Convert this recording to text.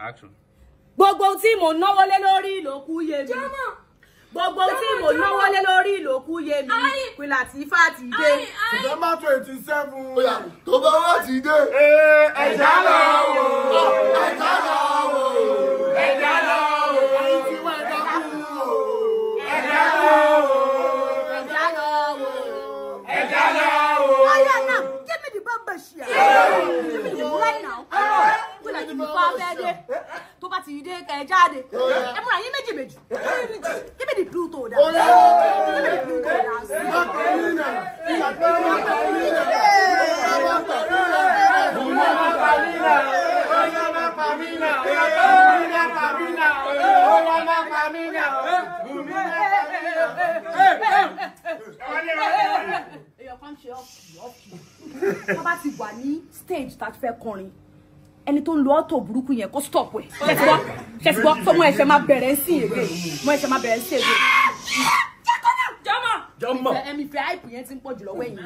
action. gbogbo tí mò náwó lé lórí ìlòkù yé mi. jọmọ gbogbo tí mò náwó lé lórí ìlòkù yé mi pìlà tí fà ti dé. ṣùgbọ́n má tó seven. tó bá wà ti dé. ẹ̀já lọ wò ẹ̀já lọ wò ẹ̀já lọ wò ẹ̀já lọ wò ẹ̀já lọ wò. ẹ̀já lọ wò. ẹ̀já lọ wò. ọ̀yà náà bá bẹ̀ ṣì dé tó bá ti dé ẹ jáde ẹ múra yín méjì méjì give me the blue tó dá give me the blue tó dá sí. Èèyàn kan ṣe ọ́ọ̀kì ọ́ọ̀kì. Tó bá ti wà ní stage tá a ti fẹ́ kọrin ẹni tó ń lo ọ̀tọ̀ burúkú yẹn kó stop ẹ̀ ṣẹ́sìgbọ́ ṣẹ́sìgbọ́ fún mo ẹ̀ṣẹ̀ máa bẹ̀rẹ̀ sí èdè mo ẹ̀ṣẹ̀ máa bẹ̀rẹ̀ sí èdè. jọmọ jọmọ ẹ̀mí fẹ́ yẹn ti ń pọ̀ jùlọ wẹ̀yìn.